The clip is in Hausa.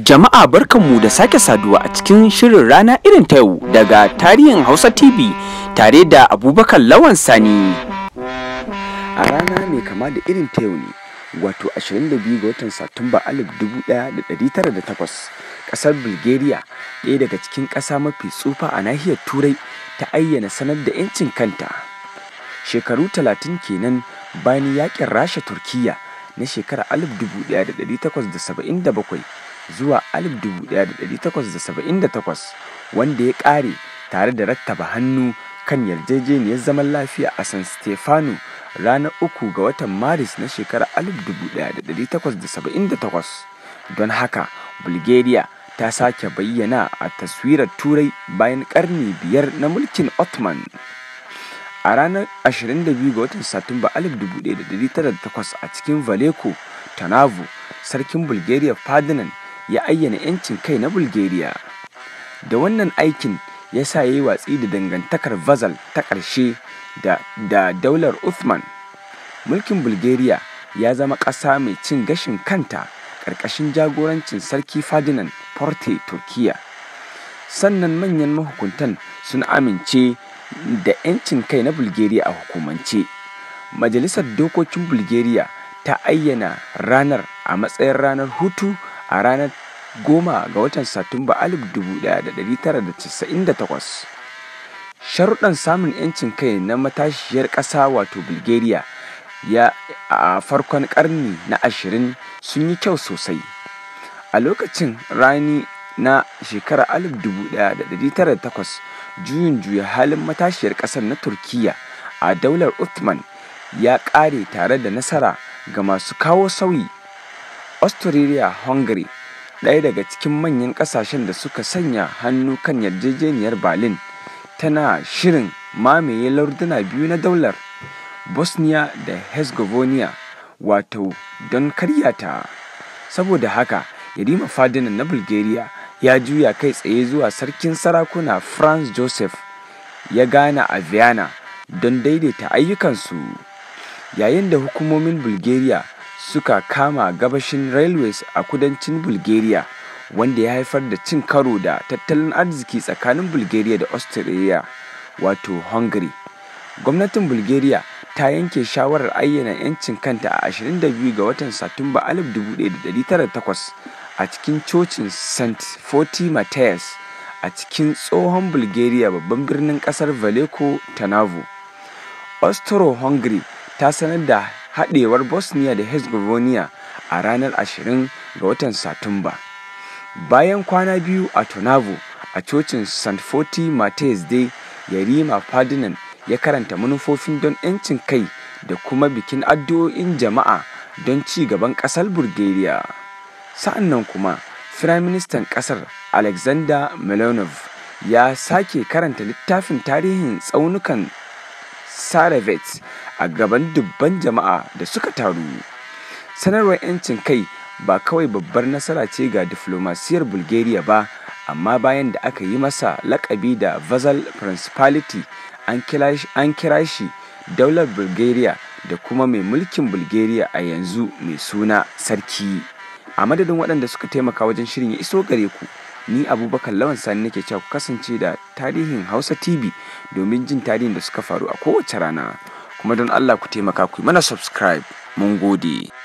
Jama'a barkanmu da sake saduwa a cikin shirin rana irin ta yau daga tarihin Hausa TV tare da Abubakar Lawan Sani. A rana mai kama da irin ta yau ne, wato 22 ga watan Satumba 1908, ƙasar Bulgaria, ɗaya daga cikin ƙasa mafi tsufa a nahiyar Turai, ta ayyana sanar da 'yancin kanta. Shekaru 30 kenan bayan yaƙin Rasha-Turkiyya na shekarar 1877 zuwa 1878 wanda ya ƙare tare da rattaba hannu kan yarjejeniyar zaman lafiya a san stefano ranar uku ga watan maris na shekarar 1878 don haka bulgaria ta sake bayyana a taswirar turai bayan karni biyar na mulkin ottoman a ranar 22 ga watan satumba 1908 a cikin valeko tanavu sarkin bulgaria fadinan. ya ayyana 'yancin kai na Bulgaria. Da wannan aikin ya sa ya yi watsi da dangantakar Vazal ta ƙarshe da, da daular Uthman. Mulkin Bulgaria ya zama ƙasa mai cin gashin kanta ƙarƙashin jagorancin Sarki Fadinan, Forte Turkiya. Sannan manyan mahukuntan sun amince da 'yancin kai na Bulgaria a hukumance. Majalisar Dokokin Bulgaria ta ayyana ranar a matsayin ranar hutu a ranar goma ga watan Satumba 1998. Sharuɗan samun 'yancin kai na matashiyar ƙasa wato Bulgaria ya a farkon ƙarni na ashirin sun yi kyau sosai. A lokacin rani na shekarar takwas, juyin juya halin matashiyar ƙasar na turkiya a daular Uthman ya ƙare tare da nasara ga masu kawo sauyi. Austria-Hungary ɗaya daga cikin manyan ƙasashen da suka sanya hannu kan yarjejeniyar berlin tana shirin mamaye larduna biyu na daular bosnia da herzegovina wato don karyata saboda haka yarima fadinan na bulgaria ya juya kai tsaye zuwa sarkin sarakuna franz joseph ya gana a vienna don daidaita ayyukansu yayin da hukumomin bulgaria suka kama gabashin railways a kudancin bulgaria wanda ya haifar da cin karo da tattalin arziki tsakanin bulgaria da austria wato hungary gwamnatin bulgaria ta yanke shawarar ayyana 'yancin kanta a 22 ga watan satumba 1908 a cikin cocin st forty matthias a cikin tsohon bulgaria babban birnin kasar valeko tanavo austro-hungary ta sanar da haɗewar bosnia da herzegovina a ranar 20 ga watan satumba bayan kwana biyu a tonavo a cocin st foti da dai yarima fadinan ya karanta manufofin don 'yancin kai da kuma bikin addu'o'in jama'a don ci gaban ƙasar bulgaria sa'an nan kuma firaministan ƙasar alexander Milonov ya sake karanta littafin tarihin tsaunukan sarevets a gaban dubban jama'a da suka taru sanarwar 'yancin kai ba kawai babbar nasara ce ga diflomasiyar bulgaria ba amma bayan da aka yi masa lakabi da vazal principality an kira shi daular bulgaria da kuma mai mulkin bulgaria a yanzu mai suna sarki a madadin waɗanda suka taimaka wajen shirin ya iso gare ku ni abubakar lawan sani nake cewa ku kasance da tarihin hausa tv domin jin tarihin da suka faru a kowace rana kuma don Allah ku taimaka ku mana subscribe mun gode